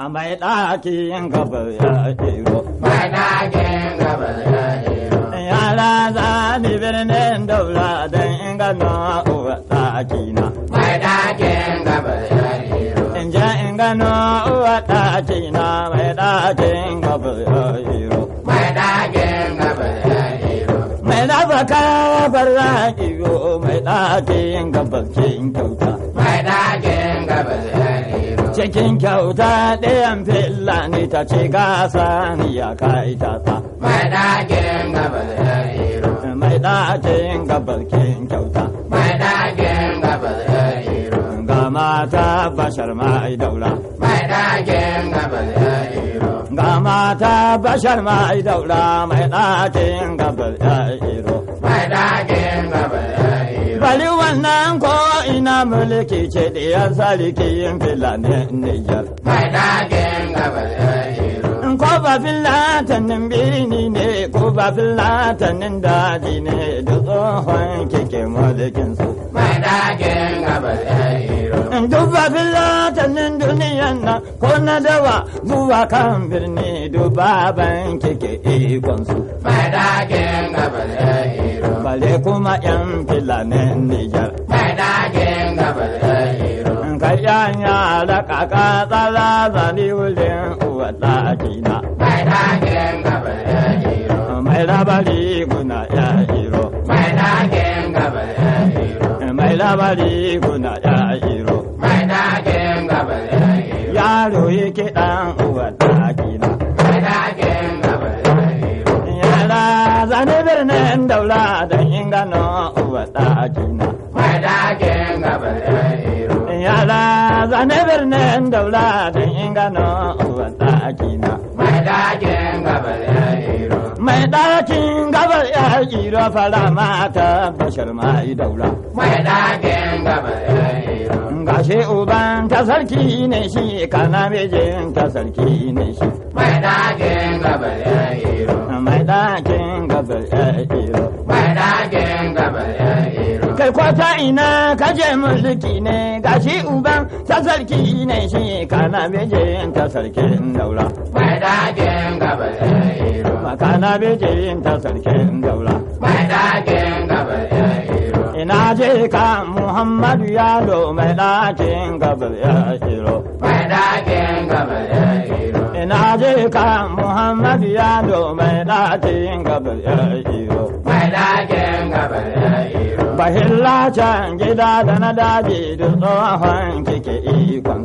a mai ɗakin gaba ya iro. Mai ɗakin gaba ya iro. Yara za ni birnin daula don in gano uwa ɗakina. Mai ɗakin gaba ya iro. In je in gano uwa ɗakina mai ɗakin gaba ya iro. Mai ɗakin gaba ya iro. Mai ɗafa kafar ya jero mai ɗakin ke kin kyauta. Mai ɗakin gaba ya iro. Aikin kyauta ɗayan fila ni ta ci gasa ni ya kai ta ta. Mai ɗakin gabas ya iro. Mai ɗakin gabas kin kyauta. Mai ɗakin gabas ya iro. Ga mata bashar mai daula. Mai ɗakin gabas ya iro. Ga mata bashar mai daula mai ɗakin gabas ya iro. Mai ɗakin gabas ya iro. Bari wannan ko ina mulki ce da ya sarki yin filanin Nijar. Mai dagin gabar Ko ba filatanin birni ne ko ba filatanin daji ne da tsohon kike mulkin su. Mai dagin gabar Duk ba filatanin duniyan na ko na dawa zuwa kan birni dubaban kike ikon su. Mai dagin gabar bare kuma yan filanen Nijar. Kai dagin gabar iro. Kai yan yara kaka tsara zani wurin uwa kina. Kai dagin gabar iro. Mai bali guna ya hero. Mai dagin gabar iro. Mai bali guna ya hero. Mai dagin gabar iro. Yaro yake ɗan nga Mai dakin gabarin iro. Yara zane birnin daula don in gano uban kina. Mai dakin gabarin iro. Mai dakin gabar ya iro fara mata bashar mai daula. Mai dakin gabarin iro. Gashi uban ta sarki ne shi kana mijin ta sarki ne shi. Mai dakin gabarin iro. Mai dakin gabarin iro. kwata ina kaje mulki ne gashi uban ta sarki ne shi kana beje ta sarki daula mai dakin gaba iro kana beje ta sarki daula mai dakin gaba iro ina je ka muhammadu yalo mai dakin gaba iro mai dakin gaba iro ina je ka muhammadu yalo mai dakin gaba iro mai dakin gaba iro bahilla can gida da na daji da tsohon kike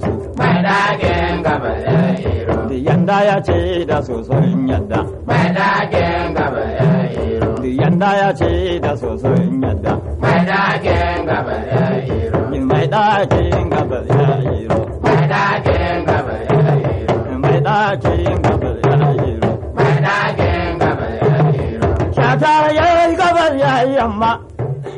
su. Mai dagen gaba ya iro. Yanda ya ce da sosoyin yadda. Mai dagen gaba ya iro. Yanda ya ce da sosoyin yadda. Mai dagen gaba ya iro. Mai dagen gaba ya iro. Mai dagen gaba ya iro. Mai dagen gaba ya iro. Mai dagen gaba ya iro. Shata ya gaba ya yi yamma.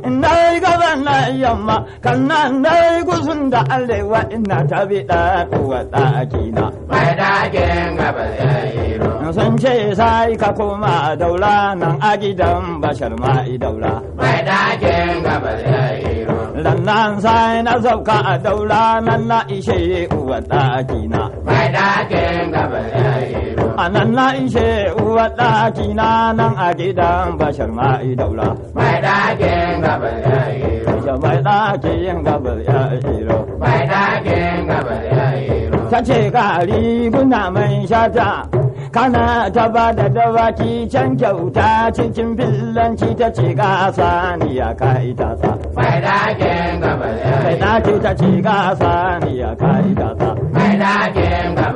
nai gaba na yamma kannan nai gusun da alewa ina ta bi da tuwa ɗakina. Mai ɗakin gaba ya yi ro. san ce sai ka koma daula nan a gidan bashar ma'i daula. Mai ɗakin gaba ya yi ro. Lannan sai na sauka a daula nan na ishe uwa ɗakina. Mai da ke ya yi ro. A nan na ishe uwa ɗaki na nan a gidan bashar ma'i daula. Mai ɗakin gabar ya iro. Mai ɗakin gabar ya iro. Mai ɗakin gabar ya iro. Ta ce ga buna mai shata. kana ta ba da dawaki can kyauta cikin fillanci ta ce gasa ni ya ka ita ta. Mai dakin gaba ya Mai dakin ta ce gasa ni ya ka ita ta. Mai dakin gaba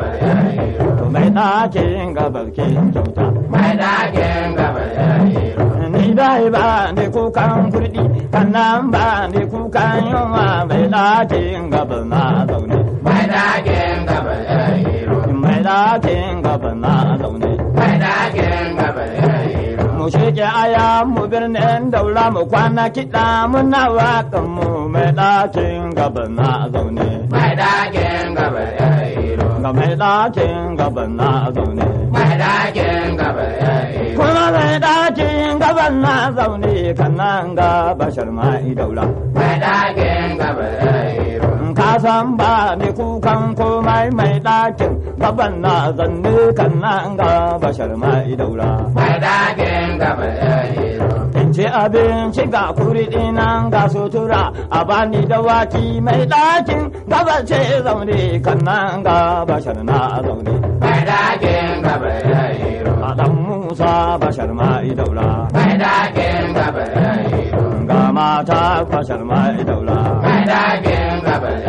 mai ɗakin gabas ke kyauta mai ɗakin gabas ya ni dai ba ni kukan kurɗi sannan ba ni kukan yunwa mai ɗakin gabas na zaune mai ɗakin gabas ya mai ɗakin gabas na zaune mai ɗakin gabas ya mu shige aya mu birnin daula mu kwana kiɗa muna waƙan mu mai ɗakin gabas na zaune mai ɗakin ga mai ɗakin gaban na zaune. Mai ɗakin gaban ya Kuma mai ɗakin gaban na zaune kan nan ga bashar ma'i daula. Mai ɗakin gaban ya san ba mai kukan komai mai ɗakin gaban na zanne kan nan ga bashar mai daura. Mai ɗakin gaba ya In ce abinci ga kuri ɗinan ga sutura a bani waki mai ɗakin gaba ce zaune kan nan ga bashar na zaune. Mai ɗakin gaba ya A ɗan Musa bashar mai daura. Mai ɗakin gaba ya Ga mata bashar mai daura. Mai ɗakin gaba ya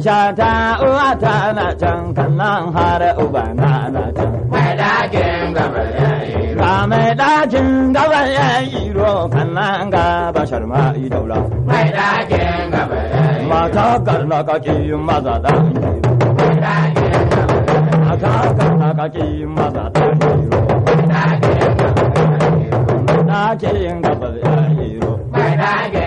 shata uwa ta na can kannan har uba na na can. Mai dakin gaba ya yi ro. mai dakin gaba ya yi ro kannan ga bashar ma yi daula. Mai dakin gaba ya yi ro. Mata karna kaki maza da yi ro. Mai dakin gaba ya yi ro. Mata karna kaki maza da yi ro. Mai dakin gaba ya yi ro. Mai dakin gaba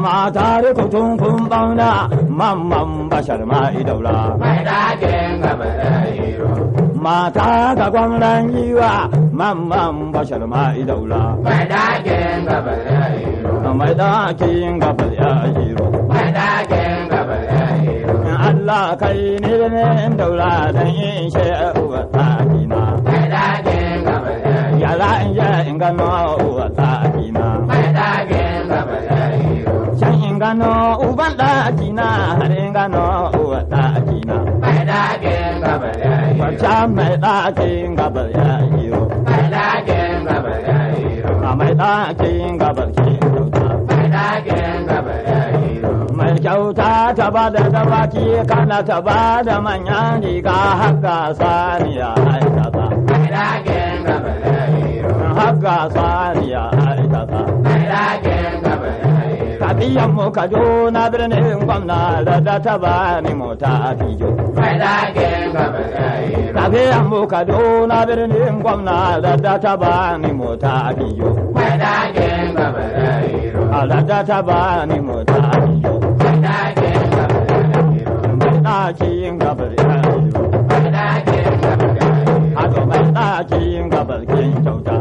mama tare ku tun kun bauna mamman bashar ma idaura. Mai ɗakin gaba da hiro. mata ga gwamnan yiwa mamman bashar ma'i daula. Mai ɗakin gaba ya iro. Mai ɗakin gaba ya iro. Mai ɗakin gaba ya iro. Allah kai ni ne in da don in she uwa ɗakina. Mai ɗakin gaba ya iro. Yala in je in gano uwa ɗakina. gano uban ɗaki na harin gano uwa na. Mai ɗakin gabar ya yi mai ɗakin gabar ya yi Mai yi mai kyauta. Mai ɗakin yi Mai kyauta ta ba da dawaki kana ta ba da manyan riga haka saniya aikata. Mai ɗakin gabar ya yi Haka saniya aikata. Mai ɗakin jam'iyyar mu na birnin gwamna da ta bani mota fijo. Mai dakin gaba tsaye. Jam'iyyar mu na birnin gwamna da ta bani mota fijo. Mai dakin gaba tsaye. Da ta bani mota fijo. Mai dakin gaba tsaye. Mai dakin gaba tsaye. Mai dakin gaba tsaye. Mai dakin gaba tsaye.